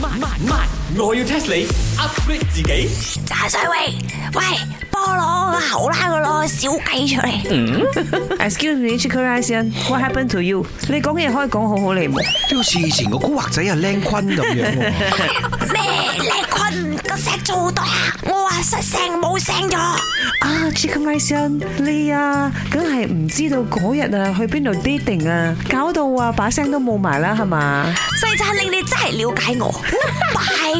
慢慢慢，我要 test 你，upgrade 自己。炸水位，喂，菠蘿好啦。小雞出嚟。Excuse me, chicken r i c e n what happened to you？你講嘢可以講好好你冇？好、這、似、個、以前個古惑仔坤樣 啊，靚坤咁樣咩靚坤個聲做到啊？我話失聲冇聲咗。啊，chicken r i c e n 你啊，梗係唔知道嗰日啊去邊度 dating 啊，搞到啊把聲都冇埋啦，係 嘛？細讚你你真係了解我。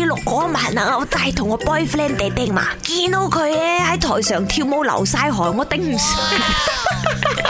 記錄嗰晚啊，我帶同我 boyfriend 弟弟嘛，見到佢咧喺台上跳舞流晒汗，我頂唔順。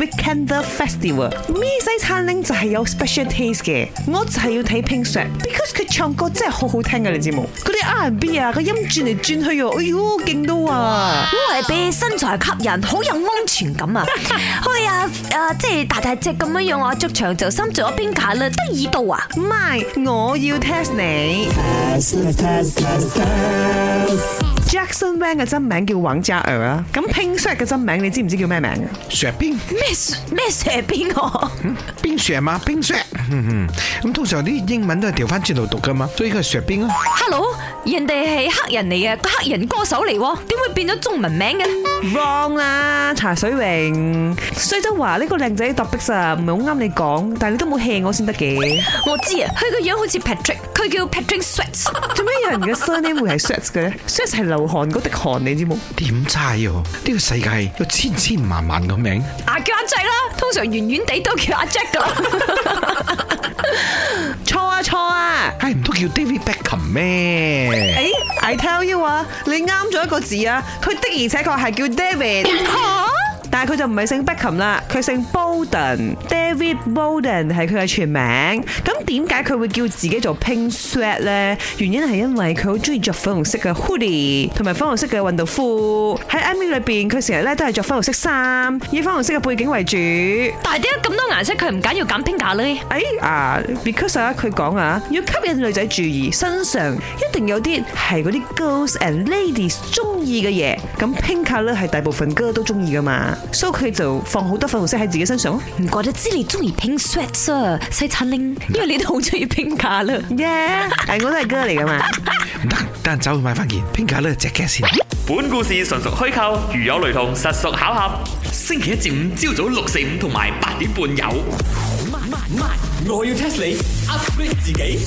We can the festival 咩西餐廳就係有 special taste 嘅，我就係要睇 Pink Sweats，because 佢唱歌真係好好聽噶你知冇？佢啲 R and B 啊，個音轉嚟轉去又，哎喲，勁到啊！我係俾身材吸引，好有安全感 啊！去啊，誒，即係大大隻咁樣樣，我足長就伸咗 Pink Sweats 啦，得耳度啊？唔係，我要 test 你。Jackson Wang 嘅真名叫王嘉爾啊，咁 Pink Sweat 嘅真名你知唔知叫咩名？雪冰，咩 s h 雪，咩雪冰哦、啊嗯？冰雪嗎？冰雪，咁、嗯嗯、通常啲英文都係調翻轉度讀噶嘛，所以佢係雪冰咯、啊。Hello，人哋係黑人嚟嘅，個黑人歌手嚟，點會變咗中文名嘅？Wrong 啦、啊，茶水榮。雖則話呢個靚仔特別晒，唔係好啱你講，但係你都冇氣我先得嘅。我知啊，佢個樣好似 Patrick。佢叫 Patrick Sweat 做咩有人嘅 surname 會係 Sweat 嘅咧 Sweat 係流汗嗰滴汗，你知冇？點差呀？呢、呢個世界有千千萬萬個名字。啊、叫阿 Jack 啦，通常圓圓地都叫阿 Jack 噶、 啊。錯啊錯啊，係唔通叫 David Beckham 咩？哎、欸、，I tell you 啊，你啱咗一個字啊，佢的而且確係叫 David。 但係佢就唔係姓 Black 琴啦，佢姓 Bowden，David Bowden 係佢嘅全名。咁點解佢會叫自己做 Pink Sweats 咧？原因係因為佢好中意着粉紅色嘅 hoodie 同埋粉紅色嘅運動褲。喺 MV 裏邊，佢成日咧都係着粉紅色衫，以粉紅色嘅背景為主。但係點解咁多顏色佢唔揀要揀 Pink Sweats 咧？誒啊，Because 啊，佢講啊，要吸引女仔注意，身上一定有啲係嗰啲 girls and ladies 中意嘅嘢。咁 Pink Sweats 係大部分哥都中意噶嘛？所以佢就放好多粉紅色喺自己身上咯。唔怪得知你中意拼 sweats 啊，西餐領，因為你都好中意拼價啦。耶、yeah, 係我都係哥嚟噶嘛。得，得閒走去買返件拼價啦，只卡先試試。本故事純屬虛構，如有雷同，實屬巧合。星期一至五朝早六四五同埋八點半有。Oh, my, my, my. 我要 test 你，upgrade 自己。